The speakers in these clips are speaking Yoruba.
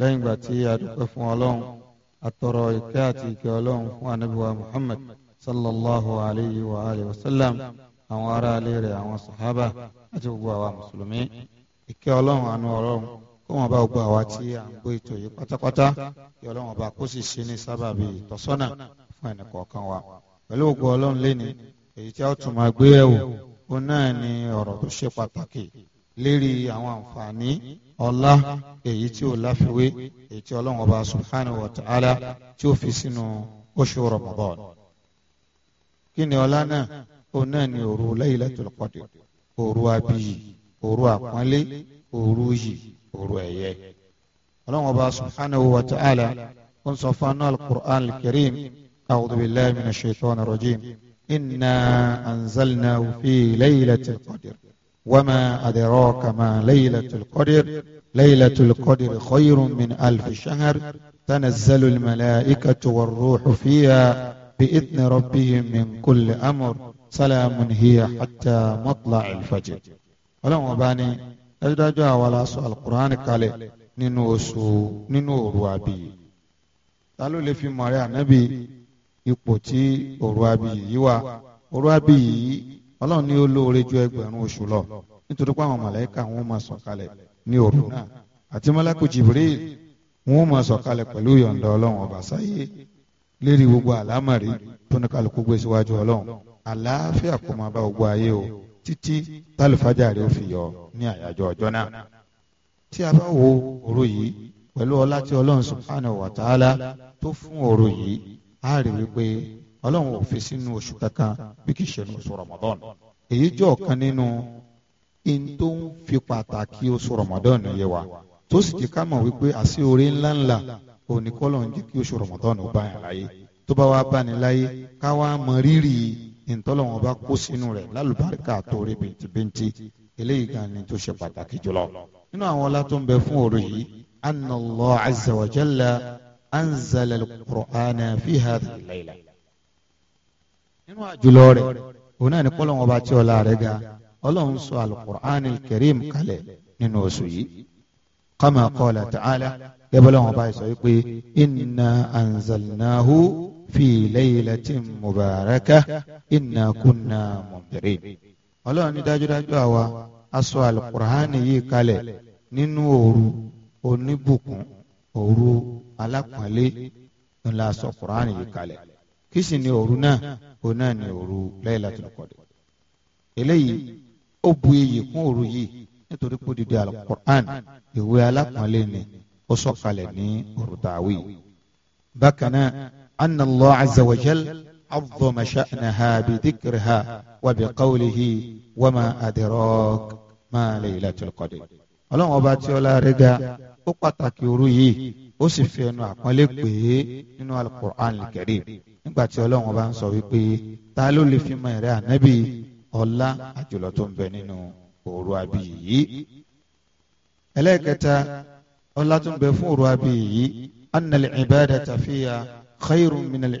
lẹ́yìn ìgbà tí a dúpẹ́ fún ọlọ́run àtọrọ ìkẹ́ àti ìkẹ́ ọlọ́run fún anabiwa muhammad sallallahu alayhi wa alayhi wa sallam àwọn ará ilé rẹ̀ àwọn sàhábà àti gbogbo àwa mùsùlùmí ìkẹ́ ọlọ́run àánú ọlọ́run kó wọn bá gbogbo àwa tí à ń gbé ètò yìí pátápátá kí ọlọ́run ọba kó sì ṣe ní sábàbí ìtọ́sọ́nà fún ẹnì kọ̀ọ̀kan wa pẹ̀lú gbogbo ọlọ́run lẹ́ni èyí tí a ó tún máa gbé ẹ̀wò ó náà ní ọ̀rọ̀ tó ṣe pàtàkì lérí àwọn àǹfààní ọlá èyí tí ó láfiwé èyí tí ọlọ́run ọba subhanahu wa ta'ala tí ó fi sínú oṣù Ramadan. kí ni ọlá náà òun náà ni òru Laylatul Qadr òru abiyì òru àpọ́nlé òru yì òru ẹ̀yẹ. ọlọ́run ọba subhanahu wa ta'ala ó ń sọ fún anáà al-Qur'an al-Karim a'udhu billahi minash shaitanir rajim inna anzalnahu fi Laylatil Qadr. وما أدراك ما ليلة القدر ليلة القدر خير من ألف شهر تنزل الملائكة والروح فيها بإذن ربهم من كل أمر سلام هي حتى مطلع الفجر ولو باني أجد جاء ولا سؤال القرآن قال ننوسو ننور وابي قالوا لي في مريع نبي يقوتي أروابي يوا أروابي ọlọ́run ní ó lóore ju ẹgbẹ̀rún oṣù lọ nítorí pé àwọn màláíkà wọn máa sọ̀kalẹ̀ ní òru náà àti mọ́lákù jibril wọn máa sọ̀kalẹ̀ pẹ̀lú yọ̀ǹda ọlọ́run ọba sáyé lérí gbogbo àlámàrí tó ní kálukú gbé síwájú ọlọ́run àlàáfíà kó máa bá gbogbo ayé o títí tálùfájà rẹ ó fi yọ ní àyájọ́ ọjọ́ náà tí a bá wo òru yìí pẹ̀lú ọlá tí ọlọ́run subhanahu wa ta'ala tó fún òru yìí á rí wípé ọlọ́run ò fi sínú oṣù kankan bí kì í ṣe oṣù Ramadan èyí jọ kan nínú in tó ń fi pàtàkì oṣù Ramadan yẹ wa tó sì ti ká mọ̀ wípé àṣì oore ńláńlá òní kọ́lọ̀ ń jẹ́ kí oṣù Ramadan bá yàn láyé tó bá wá bá ní láyé ká wá mọ rírì ìtọ́lọ́wọ́n bá kó sínú rẹ̀ lálùbáríkà tó rí bìntìbìntì eléyìí gan ni tó ṣe pàtàkì jùlọ. nínú àwọn ọlá tó ń bẹ fún òru yìí anna Allah azza wa jalla fi hadhihi layla nínú àjùlọ rẹ̀ òun náà ní pọ́lọ́n ọba tí ọlá rẹ̀ ga ọlọ́run sọ alukur'an karim kalẹ̀ nínú oṣù yìí kama qala ta'ala gẹ́bọ́lọ́run ọba sọ pé inna anzalnahu fi laylatin mubarakah inna kunna mundirin ọlọ́run ní dájúdájú àwa a sọ alukur'an yìí kalẹ̀ nínú òru oníbùkún òru alápọ̀nlé ńlá sọ kur'an yìí kalẹ̀ kí sì ni òru náà òun náà ni òru Laylatul Qadr eléyìí ó bu iyì kún òru yìí nítorí pé dídí alukur'an ìwé alápọ̀nlé ni ó sọ̀kalẹ̀ ní òru tàwí. bákan náà anna Allah azza wa jal عظم شأنها بذكرها وبقوله وما أدراك ما ليلة القدر ọlọ́run ọba tí ọlá rẹ̀ ga ó pàtàkì òru yìí ó sì fi ẹnu àpọ́nlé pè é nínú alukur'an al-karim nígbà tí ọlọ́run bá ń sọ wípé ta ló lè fi mọ ẹ̀rẹ́ ànábì ọlá àjùlọ tó ń bẹ nínú òru abì yìí. ẹlẹ́ẹ̀kẹta ọlá tó ń bẹ fún òru abì yìí anna al-ibadata fiya khayrun min al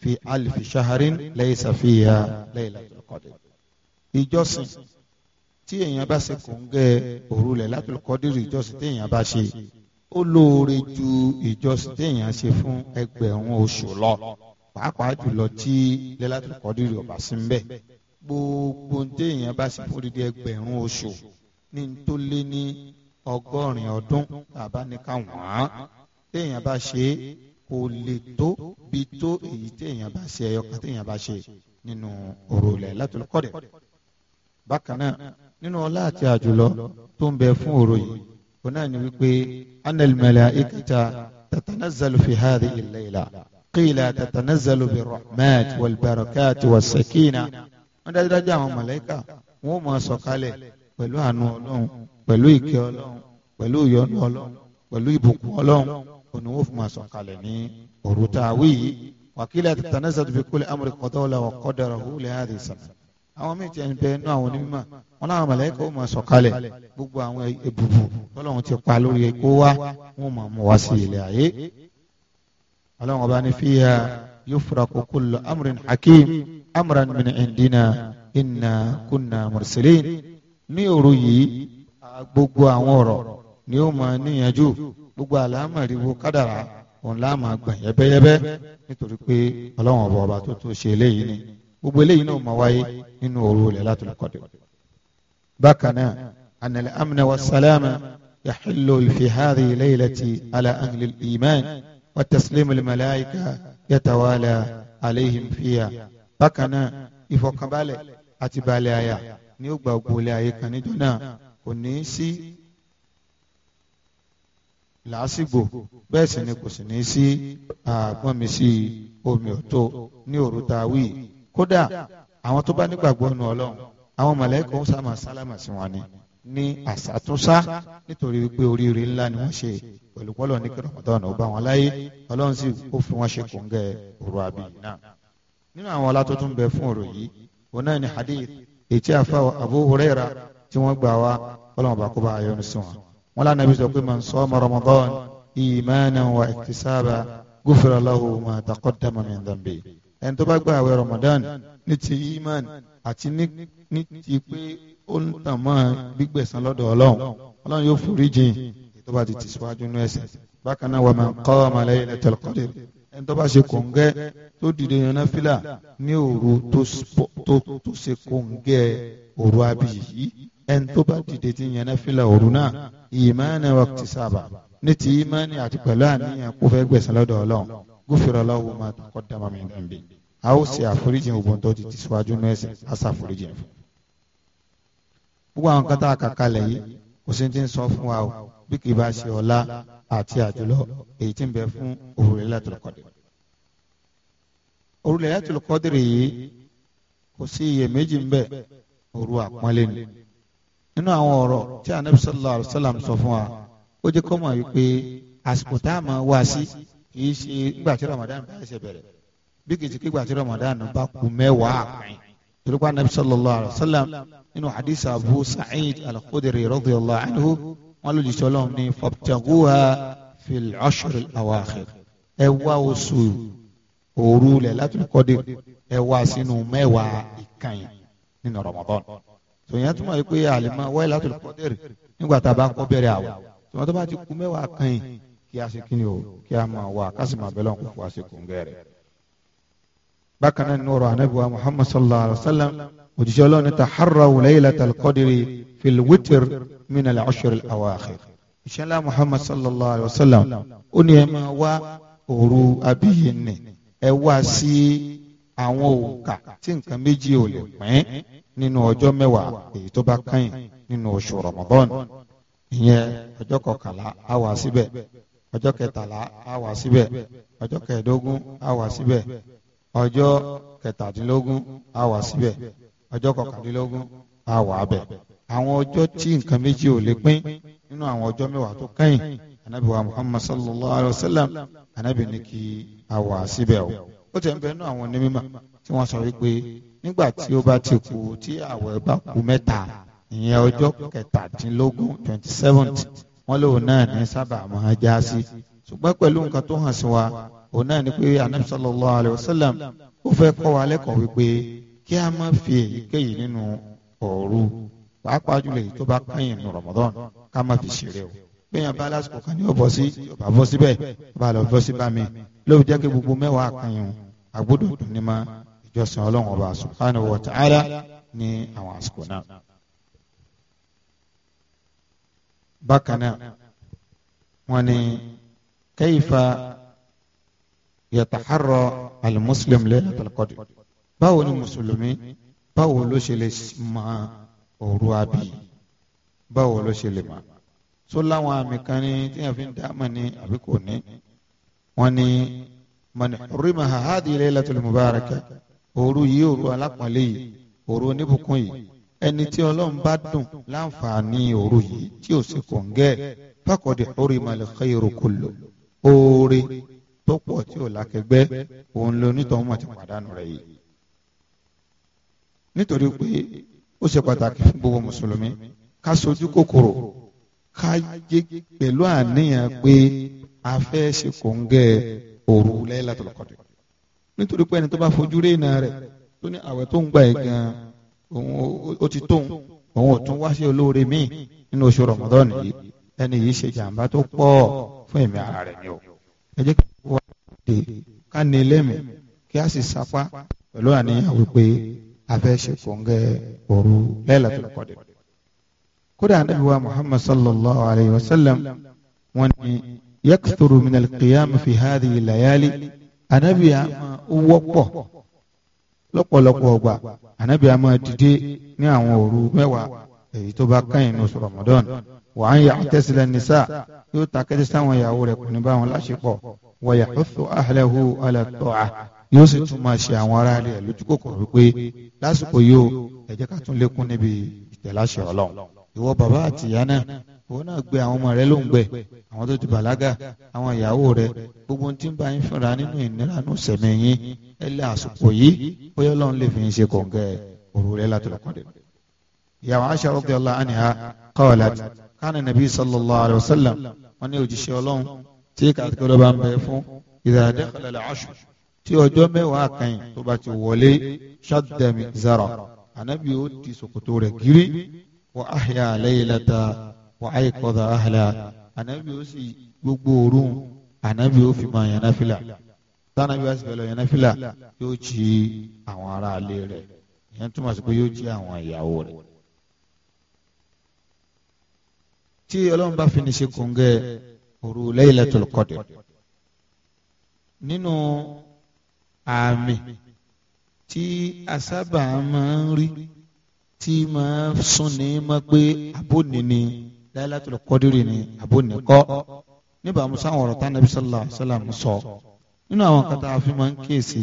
fi alfi shaharin laysa fiya laylatul qadr. ìjọsìn tí èèyàn bá ṣe kò ń gẹ òru lẹ̀ láti lọ́kọ́ dìrì ìjọsìn tí èèyàn bá ṣe ó lóore ju ìjọsìn tí èèyàn ṣe fún ẹgbẹ̀rún oṣù lọ pàápàá jùlọ tí lẹ́látì kọ́dírì ọ̀bà sí ń bẹ̀ gbogbo tí èèyàn bá ṣe fún dídí ẹgbẹ̀rún oṣù ní tó lé ní ọgọ́rin ọdún bàbá ní ká wọ́n tí èèyàn bá ṣe kò lè tó bí tó èyí tí èèyàn bá ṣe ẹyọkà tí èèyàn bá ṣe nínú òrùlẹ̀ látòlùkọ́dẹ̀ bákan náà nínú ọlá àti àjùlọ tó ń bẹ fún òru yìí òun náà ni wípé anal malaikata tatanazzalu fi hadhihi al-layla qila tatanazzalu bi rahmat wal barakat was sakina wọn dájúdájú àwọn màláíkà wọn ò máa sọ̀kalẹ̀ pẹ̀lú àánú Ọlọ́run pẹ̀lú ìkẹ́ Ọlọ́run pẹ̀lú ìyọ́nú Ọlọ́run pẹ̀lú ìbùkún Ọlọ́run òun ni wọn fi máa sọ̀kalẹ̀ ní òru tá a wí yìí fi kulli amri qadahu wa qadarahu li hadhihi sana àwọn míì tiẹ̀ ń bẹ nú àwọn onímọ̀ wọn láwọn mọ̀lẹ́kọ̀ ó máa sọ̀kalẹ̀ gbogbo àwọn èbùbù tọ́lọ́run ti pa lórí epo wá wọn máa mú wá sí ilẹ̀ ayé ọlọ́run ọba ní fíya yufraku kullu amrin hakim amran min indina inna kunna mursilin ní òru yìí gbogbo àwọn ọ̀rọ̀ ni ó máa níyànjú gbogbo àlámọ̀rí wo kádàrá òun láàmà gbọ̀n nítorí pé ọlọ́run ọba ọba tó tó ṣe eléyìí ni gbogbo eléyìí náà máa wáyé nínú òru Lailatul Qadr bákan náà anil amna wa salama yaxillu fi hadhihi laylati ala ahli iman wa taslimu malaika yatawala alayhim fiya bákan náà ìfọkànbalẹ̀ àti balẹ̀ àyà ní ó gba ògbó ilé ayé kan níjọ́ náà kò ní í sí làásìgbò bẹ́ẹ̀ sì ni kò sì ní í sí àgbọ̀nmísí omi ọ̀tọ̀ ní òru tá kódà àwọn tó bá nígbàgbọ́ nù ọlọ́run àwọn mọ̀lẹ́kọ̀ ń sàmà sálámà sí wọn ni ní àsàtúnṣá nítorí wípé oríire ńlá ni wọ́n ṣe pẹ̀lú pọ́lọ̀ ní kí Ramadan ó bá wọn láyé ọlọ́run sì ó fi wọ́n ṣe kòǹgẹ́ òru àbí náà. nínú àwọn ọlá tó tún bẹ fún ọ̀rọ̀ yìí òun náà ni hadith ètí àfa Abu Huraira tí wọ́n gbà wá ọlọ́run bá kó bá ayọ́nu sí wọn. wọn lánàá bí sọ pé man soma Ramadan imanan wa ihtisaban ghufira lahu ma taqaddama min dhanbi ẹni tó bá gba àwẹ̀ Ramadan ní ti iman àti ní ti pé ó ń tàn mọ́ gbígbẹ̀san lọ́dọ̀ Ọlọ́run Ọlọ́run yóò forí jìn tó bá ti ti síwájú inú ẹ̀sìn bákan náà wà máa ń kọ́ ọmọ Laylatul Qadr ẹni tó bá ṣe kòǹgẹ́ tó dìde yan náfìlà ní òru tó ṣe kòǹgẹ́ òru abiyì yìí ẹni tó bá dìde ti yan náfìlà òru náà ìmáànì waqtisaba ní ti ìmáànì àti pẹ̀lú àníyàn kó fẹ́ gbẹ̀san lọ́dọ̀ Ọlọ́run gúfèrè aláwo máa kọ́ dá mami dànbí a ó ṣe àforíjì ògbón tó ti ti síwájú náà ẹsẹ̀ a ṣàforíjì fún gbogbo àwọn kan tá a kà kalẹ̀ yìí kò sí ti ń sọ fún wa o bí kì í bá ṣe ọlá àti àjùlọ èyí tí ń bẹ fún òrùlé látòlùkọ́dé òrùlé látòlùkọ́dé yìí kò sí iyèméjì ń bẹ òru àpọ́nlé ni nínú àwọn ọ̀rọ̀ tí anabi sallallahu alayhi wa sallam sọ fún wa ó jẹ́ kó wípé àsìkò tá a máa wá sí kì í ṣe ìgbà tí Ramadan bá ṣe bẹ̀rẹ̀ bí kì í ṣe kí ìgbà tí Ramadan bá kù mẹ́wàá pín tolukọ anabi sallallahu alaihi wa sallam nínú hadith abu sa'id al-khudri radiyallahu anhu wọn lòdì sọlọ ní fabtaguha fil ashr al-awakhir ẹ wá oṣù òru lẹ Lailatul Qadr ẹ wá sínú mẹ́wàá ìkànnì nínú Ramadan tòyìn tó máa yẹ pé àlìmọ wáyé Lailatul Qadr nígbà tá a bá kọ bẹ̀rẹ̀ àwẹ̀ tòmọtò bá ti kú mẹ́wàá kan kí a ṣe kíni o kí a máa wá kásì máa bẹ̀rẹ̀ ọ̀hún fún àṣekù ń gẹ̀rẹ̀. bákan náà nínú ọ̀rọ̀ anábìwá muhammad sallallahu alayhi wa sallam òjíṣẹ́ ọlọ́run ní taharraw laylatal qadri fil witr min al-ashr al-awakhir. ìṣẹ́lá muhammad sallallahu alayhi wa sallam ó ní ẹ máa wá òru abíyí ẹ wá sí àwọn òǹkà tí nǹkan méjì ò lè pín nínú ọjọ́ mẹ́wàá èyí tó bá kàn nínú oṣù rọmọbọ́ọ̀nù ìyẹn ọjọ́ kọkànlá á wá síbẹ̀ ọjọ́ kẹtàlá á wà síbẹ̀ ọjọ́ kẹẹ̀dógún á wà síbẹ̀ ọjọ́ kẹtàdínlógún á wà síbẹ̀ ọjọ́ kọkàndínlógún á wà bẹ̀. àwọn ọjọ́ tí nǹkan méjì ò lè pín nínú àwọn ọjọ́ mẹ́wàá tó kẹ́yìn anabi wa muhammad sallallahu alayhi wa sallam anabi ní kí á wà síbẹ̀ o. ó tẹ̀ ń bẹ nínú àwọn onímọ̀ tí wọ́n sọ wípé nígbà tí ó bá ti kù tí àwẹ̀ bá kù mẹ́ta ìyẹn ọjọ́ kẹtàdínlógún twenty seventh wọn lòun náà ní sábà máa já sí ṣùgbọ́n pẹ̀lú nǹkan tó hàn sí wa òun náà ni pé anabi alayhi wa sallam ó fẹ́ kọ́ wa lẹ́kọ̀ọ́ wípé kí a má fi èyíkéyìí nínú òru pàápàá jùlọ èyí tó bá kẹ́yìn ní Ramadan ká má fi ṣeré o gbẹ̀yàn bá lásìkò kan ní ọ̀bọ̀ sí ọ̀bà bọ́ síbẹ̀ ọ̀bà lọ bọ́ sí bá mi lóbi jẹ́ kí gbogbo mẹ́wàá kẹ́yìn o àgbọ́dọ̀ dùn ní ma ìjọsìn ọlọ́run ọba subhanahu wa ta'ala ní àwọn àsìkò náà. bákan náà wọ́n ní kayfa yataharra al-muslim laylatul qadr báwo ni mùsùlùmí báwo ló ṣe lè mọ òru àbí báwo ló ṣe lè mọ so láwọn àmì kan ní tí wọn fi ń dáàmà ní àbí kò ní wọ́n ní man hurrimaha hadhihi laylatul mubarakah òru yìí òru alápọ̀nlé òru oníbùkún yìí ẹni tí ọlọ́run bá dùn láǹfààní òru yìí tí ò sì kọ̀ǹgẹ́ fàkọ̀dé orí malẹ̀ khayru kullu oore tó pọ̀ tí ò lákẹgbẹ́ òun ló nítorí wọn ti pàdánù rẹ̀ yìí. nítorí pé ó ṣe pàtàkì fún gbogbo mùsùlùmí ká sojú kòkòrò ká yé pẹ̀lú àníyàn pé a fẹ́ ṣe kọ̀ǹgẹ́ òru Laylatul Qadr nítorí pé ẹni tó bá fojú rí iná rẹ̀ tó ní àwẹ̀ tó ń gbà yìí gan-an òun ó ti tóun òun ò tún wá sí olóore míì nínú oṣù Ramadan yìí ẹni yìí ṣe jàǹbá tó pọ̀ fún ẹ̀mí ara rẹ̀ ni o ẹ jẹ́ kí wọ́n dé ká ní lẹ́mìí kí a sì sapá pẹ̀lú àníyàn wípé a fẹ́ ṣe kòńgẹ́ òru Lailatul Qadr kódà Ànábì wa Muhammad sallallahu alayhi wa sallam wọ́n ní yakthuru min al-qiyam fi hadhihi layali Ànábì àmà wọ́pọ̀ lọ́pọ̀lọpọ̀ ọgbà ànábì a máa dìde ní àwọn òru mẹ́wàá èyí tó bá kẹ́yìn ní Ramadan wà á ń yà tẹ́sílẹ̀ nìsá yóò ta kété sáwọn ìyàwó rẹ̀ kò ní bá wọn láṣepọ̀ wọ̀yà ọ̀fọ̀ ahlahu ala ta'a yóò sì tún máa ṣe àwọn ará rẹ̀ lójú kòkòrò wípé lásìkò yóò ẹ jẹ́ ká tún lékún níbi ìtẹ̀láṣẹ Ọlọ́run ìwọ bàbá àtìyá náà òun náà gbé àwọn ọmọ rẹ ló ń gbẹ àwọn tó ti bàlágà àwọn ìyàwó rẹ gbogbo ohun tí ń bá yín fúnra nínú ìnira nù sẹ̀mẹ̀ yín ẹ lé àsopọ̀ yìí bóyá ọlọ́run lè fi yín ṣe kọ̀ǹgẹ́ òru rẹ láti lọ́kàn dé. ìyàwó aṣọ ọ̀gbìn ọlá àníhà qalat kánà nàbí sallallahu alayhi wa sallam wọn ní òjíṣẹ́ ọlọ́run tí kàtàkùrọ̀ bá ń bẹ fún ìdàdé tí ọjọ́ mẹ́wàá kan tó bá ti wọlé ṣàdẹ̀mí zara wà á yẹ kọ́dà ahàlà ànábì ó sì gbogbo òórùn ànábì ó fi máa yan náfìlà tànàbí wá sí fẹ́ lọ yan náfìlà yóò jí àwọn aráalé rẹ̀ ìyẹn túmọ̀ sí pé yóò jí àwọn ìyàwó rẹ̀. tí ọlọ́run bá fi ní ṣe kòńgẹ́ òru Laylatul Qadr nínú àmì tí asábà máa ń rí tí máa ń súnni mọ́ pé abóni ni láìlátul kọ́dírì ni àbò nìkọ́ níbà musa àwọn ọ̀rọ̀ tánàbí sallallahu alaihi wasallam sọ nínú àwọn kata àfi máa ń kíyèsí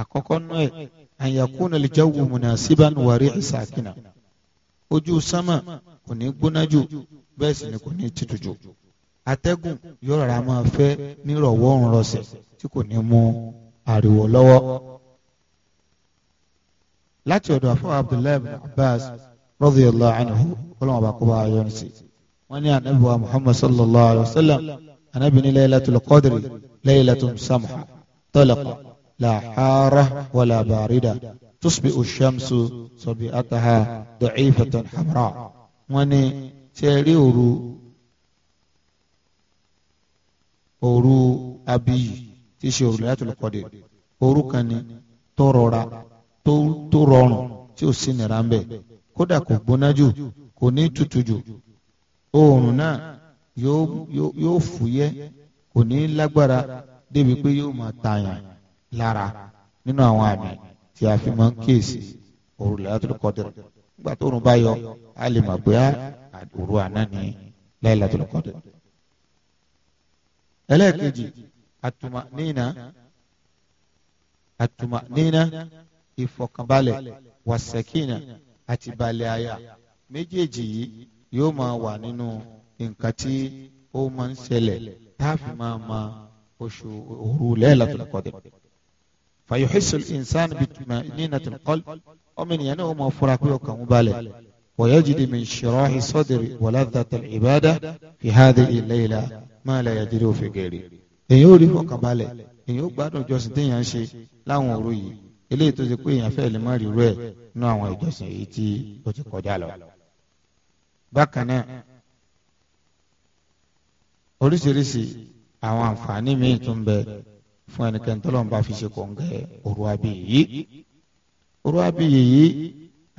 àkọ́kọ́ nú ẹ̀ an yakuna al-jawwu munasiban wa ri'u sakina ojú sámà kò ní gbóná jù bẹ́ẹ̀ sì ni kò ní tutù jù atẹ́gùn yóò rárá máa fẹ́ nírọ̀wọ́ òun rọ̀sẹ̀ tí kò ní mú ariwo lọ́wọ́. láti ọ̀dọ̀ àfọwọ́ abdullahi abbas radiyallahu anhu ọlọ́run ọba kó bá a yọ́nú sí i wọ́n ní anabi wa muhammad sallallahu alayhi wa sallam anabi ní laylatul qadri laylatun samha talaqa la hara wala barida tusbihu shamsu sabi'ataha da'ifatan hamra wọ́n ní tẹ̀rí òru òru abiyi tí ṣe òru laylatul qadri òru kan ni tó rọra tó rọrùn tí kódà kò gbóná jù kò ní tutù jù oòrùn náà yóò fúyẹ́ kò ní lágbára débi pé yóò máa tààyàn lára nínú àwọn àmì tí a fi máa ń kíyèsí òru Lailatul Qadr nígbà tó oòrùn bá yọ a lè mọ̀ pé òru àná ni Lailatul Qadr. ẹlẹ́ẹ̀kejì àtùmánínà àtùmánínà ìfọ̀kànbalẹ̀ wàsẹ̀kínà àti balẹ̀ àyà méjèèjì yìí yóò máa wà nínú nǹkan tí ó máa ń ṣẹlẹ̀ táàfì máa ma oṣù òru Laylatul Qadr fayuhisul insan bitma'ninatil qalb ọmọ ènìyàn náà ó máa fura pé ọkàn ń balẹ̀ wa yajidi min shirahi sadri wa ladhatil ibada fi hadhihi layla ma la yajidu fi ghairi èyàn ò rí ọkàn balẹ̀ èyàn ó gbádùn ìjọsìn téèyàn ń ṣe láwọn òru yìí eléyìí tó ṣe pé èyàn fẹ́ẹ̀ lè má rí irú ẹ̀ àwọn ìjọsìn èyí tí ó ti kọjá lọ bákan náà oríṣiríṣi àwọn àǹfààní míì tún bẹ fún ẹnikẹ́ni tó lọ́nba fi ṣe kọ̀ǹgẹ́ òru abiyì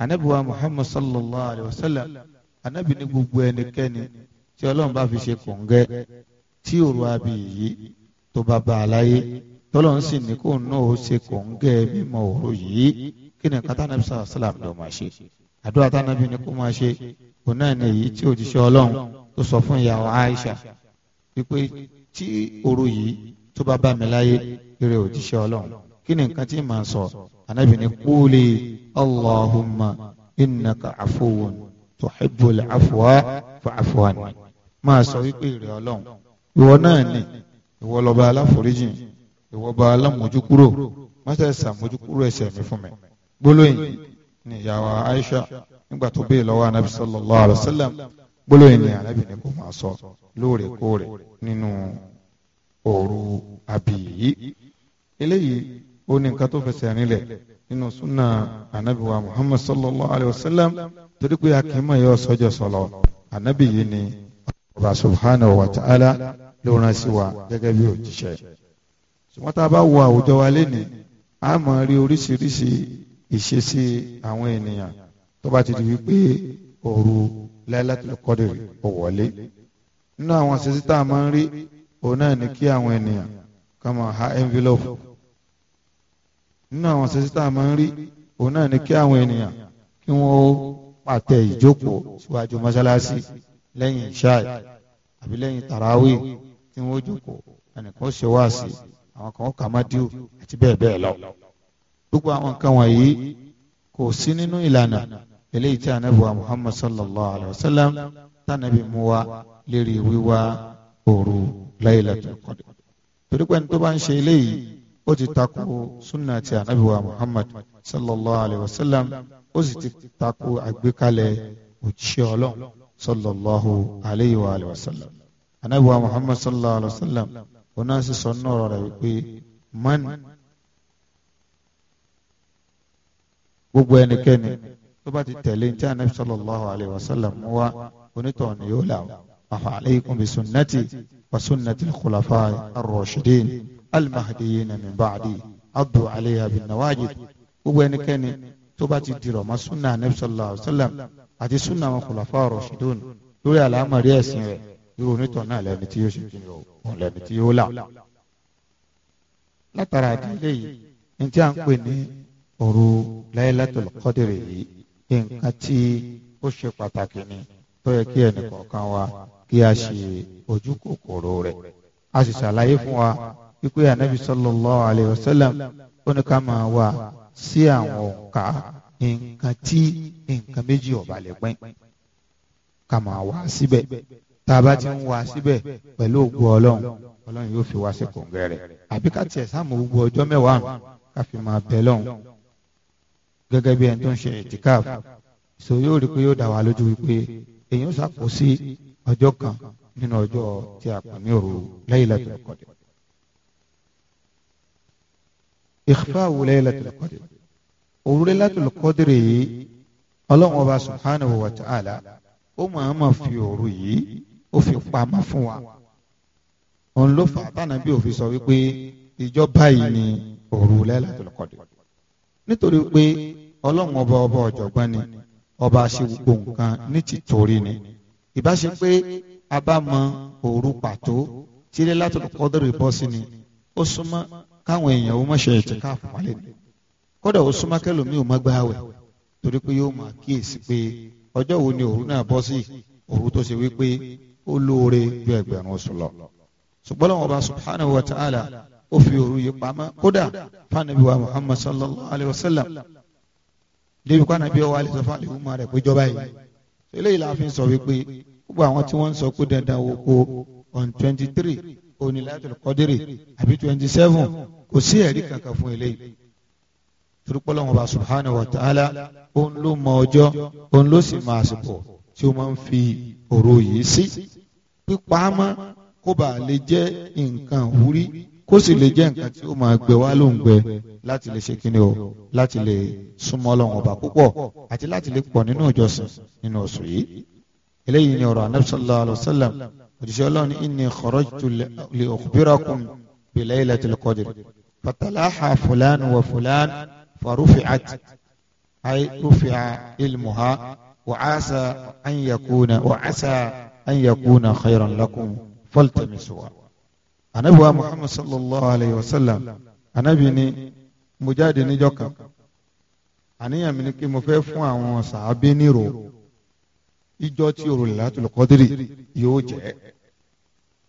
anabiwa muhammad sallallahu alayhi wa sallam anabi ní gbogbo ẹnikẹ́ni tí ọlọ́run bá fi ṣe kọ̀ǹgẹ́ tí òru abiyì yìí tó bá bá a láyé tọ́lọ́run sì ní kó náà ó ṣe kọ̀ǹgẹ́ mímọ́ òru yìí kí ni kátà sallallahu alayhi wa sallam lọ́ọ́ máa ṣe àdúrà tánàbí ni kó máa ṣe òun náà ni èyí tí òjíṣẹ́ Ọlọ́run tó sọ fún ìyàwó Aisha wípé tí òru yìí tó bá bá mi láyé eré òjíṣẹ́ Ọlọ́run kí ni nǹkan tí màá sọ Ànábì ní quli Allahumma innaka afuwun tuhibbul afwa fa'fu anni máa sọ wípé ìrẹ Ọlọ́run ìwọ náà ni ìwọ lọba aláforíjìn ìwọ ba alámójúkúrò má ṣe ṣàmójúkúrò ẹ̀ṣẹ̀ mi fún mi gbólóyìn ni ìyàwó Aisha nígbà tó béè lọ́wọ́ anabi sallallahu alayhi wa sallam gbólóyìn ni anabi ni kò máa sọ lóòrèkóòrè nínú òru àbíyí eléyìí ó ní nǹkan tó fẹsẹ̀ nílẹ̀ nínú súnà anabi wa muhammad sallallahu alayhi wa sallam torí pé akínmọ yóò sọjọ sọlọ anabi yìí ni ọba subhanahu wa ta'ala ló rán sí wa gẹ́gẹ́ bí òjíṣẹ́ ṣùgbọ́n tá a bá wo àwùjọ wa lénìí a máa rí oríṣiríṣi ìṣesí àwọn ènìyàn tó bá ti di wípé òru Lailatul Qadr ò wọlé nínú àwọn a máa ń rí òun náà ní kí àwọn ènìyàn kàn máa ha envelope nínú àwọn sísítà máa ń rí òun náà ní kí àwọn ènìyàn kí wọ́n pàtẹ ìjókòó síwájú mọ́ṣáláṣí lẹ́yìn ìṣáì àbí lẹ́yìn tàràwì tí wọ́n jókòó ẹnìkan ṣe wá sí àwọn kan kà má díò àti bẹ́ẹ̀ bẹ́ẹ̀ lọ. gbogbo àwọn nǹkan wọ̀nyí kò sí nínú ìlànà eléyìí tí anabi wa muhammad sallallahu alayhi wa sallam tànàbí mu wa lérí wíwá òru laylatul qadr torí pé ní tó bá ń ṣe eléyìí ó ti takò sunna ti anabi wa muhammad sallallahu alayhi wa sallam ó sì ti takò àgbékalẹ̀ òjíṣẹ́ ọlọ́run sallallahu alayhi wa alayhi wa sallam anabi wa muhammad sallallahu alayhi wa sallam ona sì sọ nọrọ rẹ̀ man gbogbo ẹnikẹ́ni tó bá ti tẹ̀lé ní anabi sallallahu alayhi wa sallam wa onítọ̀ ni yóò là afa alaykum bi sunnati wa sunnati al-khulafa ar-rashidin al-mahdiyyin min ba'di addu alayha bin nawajid gbogbo ẹnikẹ́ni tó bá ti dirọ̀ ma sunna anabi sallallahu alayhi wa sallam àti sunna àwọn khulafa ar lórí àlámọ̀rí ẹ̀sìn rẹ̀ irú onítọ̀ náà lẹ́ni tí yóò ṣe kí ni lẹ́ni tí yóò là látara àdílé ní tí a ń pè ní òru Laylatul Qadr yìí nǹkan tí ó ṣe pàtàkì ni tó yẹ kí ẹnìkọ̀ọ̀kan wa kí a ṣe ojú kòkòrò rẹ̀ a sì ṣàlàyé fún wa wípé ànábì sallallahu alayhi wa sallam ó ní ká máa wà sí àwọn òǹkà nǹkan tí nǹkan méjì ọ̀bà lè pín ká máa wà síbẹ̀ tá a bá ti ń wà síbẹ̀ pẹ̀lú ògbó ọlọ́run ọlọ́run yóò fi wá sí kòǹgẹ́ rẹ̀ àbí ká sáàmù gbogbo ọjọ́ mẹ́wàá ká fi máa bẹ̀ lọ́hùn gẹ́gẹ́ bí ẹni tó ń ṣe ìtìkáf so yóò rí pé yóò dà wá lójú wípé èyàn sàkó sí ọjọ́ kan nínú ọjọ́ tí a pè ní òru Laylatul Qadr ikhfa'u Laylatul Qadr òru Laylatul Qadr yìí ọlọ́run ọba subhanahu wa ta'ala ó máa ma fi òru yìí ó fi pamọ́ fún wa òun ló fà á tànà bí òfin sọ wípé ìjọba yìí ni òru Laylatul Qadr nítorí pé ọlọ́run ọba ọba ọ̀jọ̀gbọ́n ni ọba ṣe gbogbo nǹkan ní tìtorí ni ìbá ṣe pé a bá mọ òru pàtó tí ilé látọ̀dọ̀ kọ́dọ̀rì ni ó súnmọ́ káwọn èèyàn ó mọ̀ṣẹ́ ẹ̀jẹ̀ káàfù wálé ni kódà ó súnmọ́ kẹlòmíì ò má gbá àwẹ̀ torí pé yóò máa kíyèsí pé ọjọ́ wo ni òru náà bọ́ sí òru tó ṣe wípé ó lóore ju ẹgbẹ̀rún oṣù lọ ṣùgbọ́n lọ́wọ́ ọba subhanahu wa ta'ala ó fi òru yìí pamọ́ kódà fanabi wa muhammad sallallahu alayhi wa sallam débi kwana bí ọwọ́ alẹ́sọ̀fọ́ àlẹ́wọ́mọ rẹ̀ pé jọba yìí eléyìí la fi ń sọ wípé gbogbo àwọn tí wọ́n ń sọ pé dandan wo ko on twenty three onílàtọ̀ kọ́dírì àbí twenty seven kò sí ẹ̀rí kankan fún eléyìí turukpọlọ wọn ba subhanahu wa ta'ala òun ló mọ ọjọ́ òun ló sì máa sìkò tí o máa ń fi òru yìí sí pípa á mọ́ kó bàa lè jẹ́ nǹkan wúrí kó sì lè jẹ́ nǹkan tí ó máa gbẹ wá ló ń gbẹ láti lè ṣe kíni o láti lè súnmọ́ ọlọ́run ọba púpọ̀ àti láti lè pọ̀ nínú ìjọsìn nínú oṣù yìí eléyìí ni ọ̀rọ̀ anabi sallallahu alayhi ọlọ́run inni kharajtu li ukhbirakum bi laylatil qadr fatalaha fulan wa fulan farufi'at ay rufi'a ilmuha wa asa an yakuna wa asa an yakuna khayran lakum faltamisuwa anabi wa muhammad sallallahu alayhi wa sallam anabi ni mo jáde níjọ́ kan àníyàn mi ni kí mo fẹ́ fún àwọn sàábí nírò ìjọ tí òru Lailatul Qadri yóò jẹ́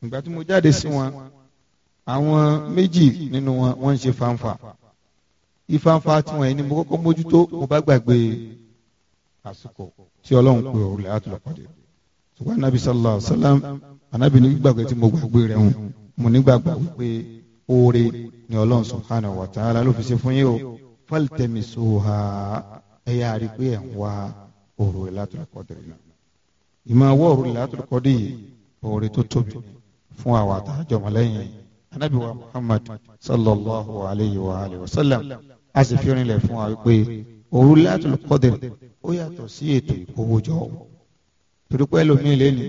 ìgbà tí mo jáde sí wọn àwọn méjì nínú wọn wọ́n ń ṣe fanfa ìfanfa tí wọ́n yìí ni mo kọ́kọ́ mójútó mo bá gbàgbé àsìkò tí ọlọ́run pé òru Lailatul Qadri ṣùgbọ́n anabi sallallahu alayhi wa sallam anabi ni gbàgbé tí mo gbàgbé rẹ̀ hùn mo nígbàgbọ́ wípé oore ni ọlọ́run subhanahu wa ta'ala ló fi ṣe fún yín o faltamisuha ẹ yá rí i pé ẹ̀ ń wá òru Lailatul Qadr náà ìmọ̀ ọwọ́ òru Lailatul Qadr yìí oore tó tóbi fún àwa àtàjọmọlẹ́yìn Ànábì wa Muhammad sallallahu alayhi wa alayhi wa sallam a sì fi rinlẹ̀ fún wa wípé òru Lailatul Qadr ó yàtọ̀ sí ètò ìkówójọ torípé ẹlòmíín lẹ́nu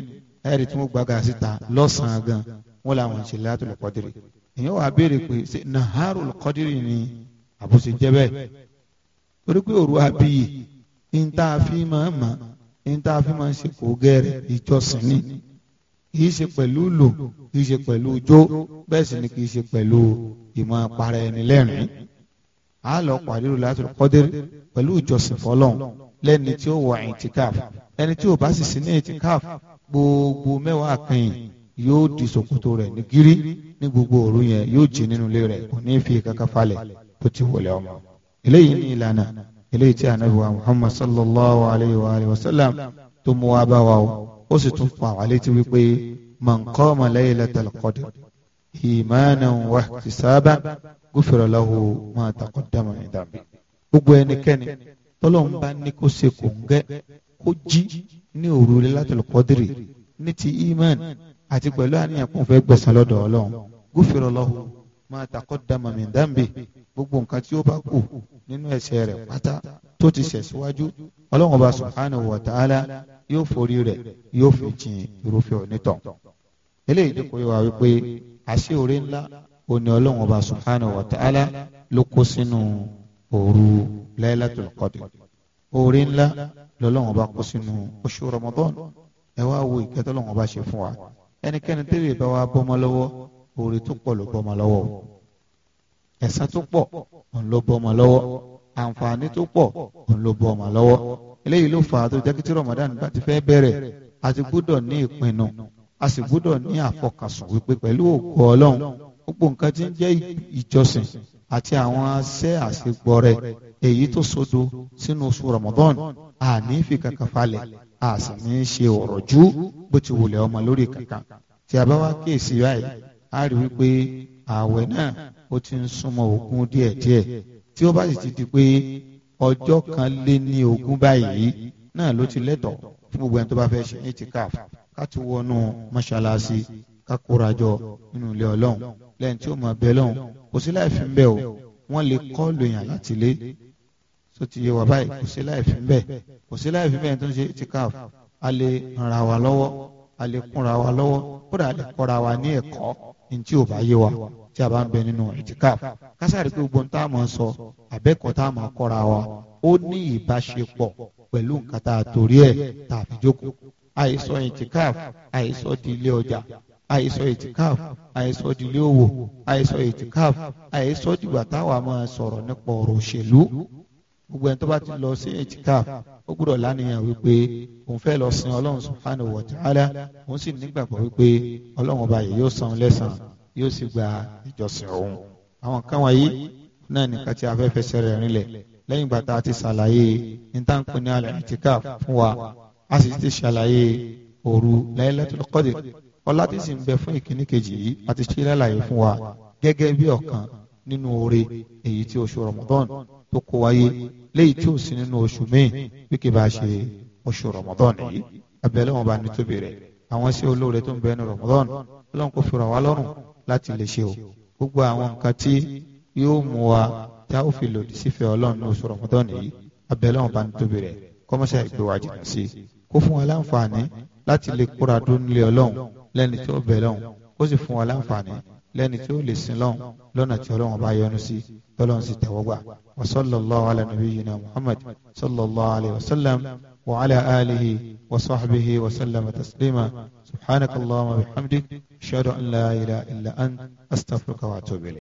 ẹ̀rí tí wọ́n gbàgà síta lọ́sàn-án gan wọn làwọn ṣe látòlù kọ́dìrì èèyàn wà á béèrè pé ṣe nàhárù kọ́dìrì ni àbùsùn jẹ́ bẹ́ẹ̀ torí pé òru abiyì ń tá a fi máa mà ń tá a fi máa ṣe kó gẹ́rẹ́ ìjọsìn ni kì í ṣe pẹ̀lú lò kì í ṣe pẹ̀lú jó bẹ́ẹ̀ sì ni kì ṣe pẹ̀lú ìmọ̀ apara ẹni lẹ́rìn-ín lọ pàdé òru látòlù kọ́dìrì pẹ̀lú ìjọsìn fọlọ́n lẹ́ni tí ó wọ ìtìkáf ẹni tí ò bá sì sí ní ìtìkáf gbogbo mẹ́wàá kẹ́yìn yóò di ṣòkòtò rẹ̀ ní gírí ní gbogbo òru yẹn yóò jí nínú ilé rẹ̀ kò ní fi kankan falẹ̀ bó ti wọlé ọmọ. eléyìí ní ìlànà eléyìí tí anabi wa muhammad sallallahu alayhi wa alayhi wa sallam tó mú wa bá wa o ó sì tún fún àwa létí wípé man qama laylatal qadr imanan wa ihtisaban gufira lahu ma taqaddama min dhanbi. gbogbo ẹnikẹ́ni tọ́lọ́run bá ní kó ṣe kò ń gẹ́ kó jí ní òru Laylatul Qadri ní ti iman àti pẹ̀lú àníyàn kò fẹ́ gbẹ̀san lọ́dọ̀ Ọlọ́run gúfèrè lọ́hùn máa taqaddama min dambi gbogbo nǹkan tí ó bá kù nínú ẹ̀ṣẹ̀ rẹ̀ pátá tó ti ṣẹ̀ síwájú Ọlọ́run ọba subhanahu wa ta'ala yóò forí rẹ̀ yóò fi jìn irúfẹ́ onítàn eléyìí dé kóyọ wa wípé àṣé oore ńlá òní Ọlọ́run ọba subhanahu wa ta'ala ló kó sínú òru Lailatul Qadr oore ńlá lọ́lọ́run ọba kó sínú oṣù Ramadan ẹ wá wo ìkẹtọ́ lọ́run ọba ṣe fún wa ẹnikẹ́ni tẹ́lẹ̀ bá wa bọ́mọ lọ́wọ́ oore tó pọ̀ ló bọ́mọ lọ́wọ́ ẹ̀san tó pọ̀ òun ló bọ́mọ lọ́wọ́ àǹfààní tó pọ̀ òun ló bọ́mọ lọ́wọ́ eléyìí ló fà á tó jẹ́ kí tí Ramadan bá ti fẹ́ bẹ̀rẹ̀ a ti gbúdọ̀ ní ìpinnu a sì gbúdọ̀ ní àfọkàsùn wípé pẹ̀lú ògo Ọlọ́run gbogbo nǹkan tí ń jẹ́ ìjọsìn àti àwọn aṣẹ́ àṣegbọrẹ èyí tó sodo sínú oṣù Ramadan àní fi kankan falẹ̀ a sì ní í ṣe ọ̀rọ̀ jú bó ti wulẹ̀ ọmọ lórí kankan tí a bá wá kíyèsí báyìí a rí wípé ààwẹ̀ náà ó ti ń súnmọ́ ogún díẹ̀díẹ̀ tí ó bá sì ti di pé ọjọ́ kan lé ní ogún báyìí náà ló ti lẹ́tọ̀ọ́ fún gbogbo ẹni tó bá fẹ́ ṣe ní itikaf ká ti wọnú mọ́ṣáláṣí ká kórajọ nínú ilé ọlọ́run lẹ́yìn tí ó mọ̀ bẹ́ẹ̀ lọ́hùn kò sí láì fi ń bẹ́ o wọ́n lè kọ́ lóyún àlátìlé tó ti yé wa báyìí kò sí láì fi bẹ́ẹ̀ kò sí láì fi bẹ́ẹ̀ tó ń ṣe itikaf a lè ràn wa lọ́wọ́ a lè kúnra wa lọ́wọ́ kódà a lè kọ́ra wa ní ẹ̀kọ́ ní tí ò bá yé wa tí a bá ń bẹ nínú itikaf kásáré pé gbọ́n tá a máa sọ àbẹ́kọ̀ tá a máa kọ́ra wa ó ní ìbáṣepọ̀ pẹ̀lú nǹkan tá a torí ẹ̀ tá a fi jókòó àìsọ itikaf àìsọ di ilé ọjà àìsọ itikaf àìsọ di ilé òwò àìsọ itikaf àìsọ dìgbà táwa máa sọ̀rọ̀ nípa ọ̀rọ̀ òṣèlú gbogbo ẹni tó bá ti lọ sí etikaf ó gbúdọ̀ lánìyàn wípé òun fẹ́ lọ sin ọlọ́run subhanahu wa ta'ala òun sì nígbàgbọ́ wípé ọlọ́run ọba yìí yóò san lẹ́sàn yóò sì gba ìjọsìn òun. àwọn kan wáyé náà nìkan tí a fẹ́ fẹsẹ̀ rẹ̀ rinlẹ̀ lẹ́yìn ìgbà tá a ti ṣàlàyé nítaǹpin ní alẹ́ etikaf fún wa a sì ti ṣàlàyé òru Laylatul Qadr ọlá nínú oore èyí tí oṣù Ramadan tó kó wáyé léyìí tí ò sí nínú oṣù míì bí kì bá ṣe oṣù Ramadan yìí abẹ́lẹ́ wọn bá ní tóbi rẹ̀ àwọn sí olóore tó ń bẹ ní Ramadan ọlọ́run kò fìrọ̀ wá lọ́rùn láti lè ṣe o gbogbo àwọn nǹkan tí yóò mú wa tá ó fi lòdì sífẹ́ ọlọ́run ní oṣù Ramadan yìí abẹ́lẹ́ wọn bá ní tóbi rẹ̀ kọ́mọ́ṣà ìgbéwájú náà sí i kó fún wa láǹfààní láti lè kóra dún nílé ọlọ́run lẹ́ni tó bẹ̀ lọ́run ó sì fún wa láǹfààní lẹ́ni tí ó lè sin lọ́hùn lọ́nà tí ọlọ́run bá yọ́nú sí lọ́lọ́run sì tẹ̀wọ́ gbà wa sallallahu ala nabiyyina muhammad sallallahu alayhi wa sallam wa ala alihi wa sahbihi wa sallam taslima subhanakallahumma wa bihamdik ashhadu an la ilaha illa ant astaghfiruka wa atubu ilayk